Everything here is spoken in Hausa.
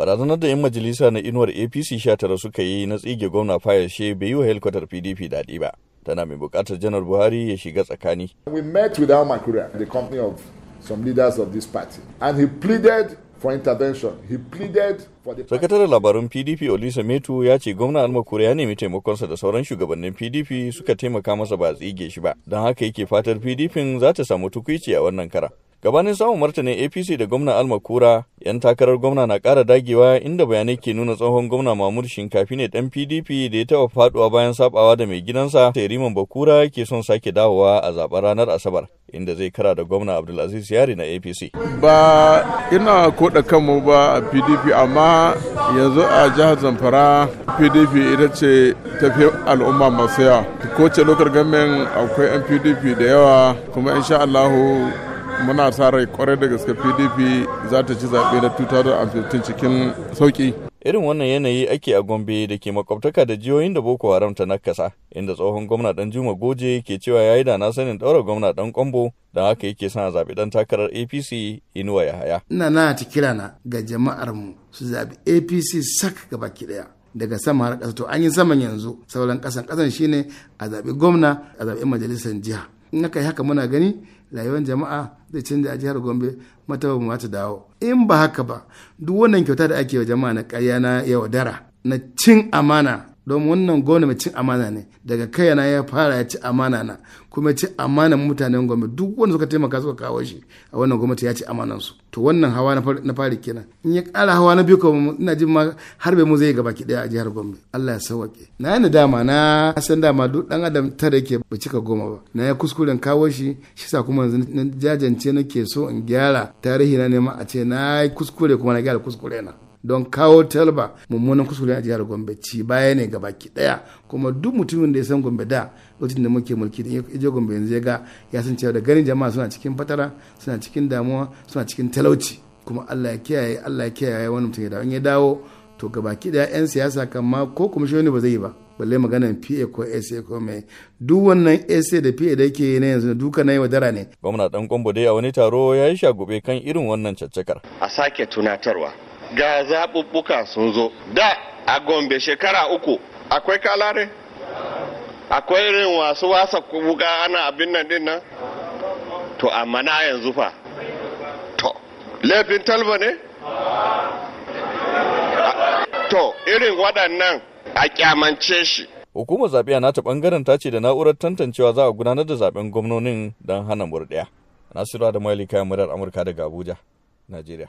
barazanar da 'yan majalisa na inuwar apc 19 suka yi na tsige gwamna she bai yi wa helkwatar pdp daɗi ba tana mai buƙatar janar buhari ya shiga tsakani we with the company of of this party and intervention he sakataren labarun pdp olisa metu ya ce gwamna almakura ya nemi taimakonsa da sauran shugabannin pdp suka taimaka masa ba tsige shi ba don haka yake fatar pdp za ta samu tukuici a wannan kara gabanin samun martanin apc da gwamna alma kura yan takarar gwamna na kara dagewa inda bayanai ke nuna tsohon gwamna mahmud shinkafi ne dan pdp da ya taba faduwa bayan sabawa da mai gidansa riman bakura ke son sake dawowa a zaben ranar asabar inda zai kara da gwamna abdulaziz yari na apc ba ina koda kanmu ba a pdp amma yanzu a jihar zamfara pdp ita ce tafi al'umma masu yawa ko ce lokar gamen akwai yan pdp da yawa kuma insha allahu muna sa rai kwarai da gaske pdp za ta ci zaɓe na 2015 cikin sauƙi irin wannan yanayi ake a gombe da ke makwabtaka da jihohin da boko haram ta nakasa inda tsohon gwamna dan juma goje ke cewa ya yi da na sanin ɗaura gwamna dan kwambo da haka yake son zaɓe dan takarar apc inuwa ya haya. ina na ta kira na ga jama'ar mu su zaɓi apc sak gaba baki ɗaya daga sama har ƙasa to an yi saman yanzu sauran ƙasan ƙasan shine a zaɓi gwamna a zaɓi majalisar jiha in aka yi haka muna gani rayuwar jama'a zai canza a jihar gombe mata ba ta dawo in ba haka ba duk wannan kyauta da ake wa jama'a na ƙarya na yaudara na cin amana don wannan gona mai cin amana ne daga kai kayana ya fara ya ci amana na kuma ci amanan mutanen gwamna duk wanda suka taimaka suka kawo shi a wannan gwamnati ya ci amanan su to wannan hawa na fari kenan in ya kara hawa na biyu kuma ina jin ma har bai mu zai gaba ki daya a jihar Gombe Allah ya sauke na yana dama na san dama duk dan adam tare yake ba cika goma ba na ya kuskuren kawo shi shi sa kuma yanzu na jajance ke so in gyara tarihi na nema a ce na kuskure kuma na gyara kuskure na don kawo talba mummunan kuskure a jihar gombe ci baya ne gabaki daya kuma duk mutumin da ya san gombe da lokacin da muke mulki da ya gombe yanzu ya ga ya san cewa da ganin jama'a suna cikin fatara suna cikin damuwa suna cikin talauci kuma Allah ya kiyaye Allah ya kiyaye wani mutum ya dawo in ya dawo to gabaki daya yan siyasa kan ma ko kuma ba zai yi ba balle maganan PA ko SA ko mai duk wannan SA da PA da yake na yanzu duka na yi dara ne. Gwamna dan Kwambo dai a wani taro ya yi shagube kan irin wannan caccakar. A sake tunatarwa ga zaɓuɓɓuka sun zo da a gombe shekara uku akwai kalare akwai irin wasu wasa kuka ana abin nan din nan to amma na yanzu fa to laifin talba ne to irin waɗannan a kyamance shi hukumar zaɓe a nata ɓangaren ta ce da na'urar tantancewa za a gudanar da zaɓen gwamnonin don hana murɗiya nasiru Adamu Ali kayan murar amurka daga abuja najeriya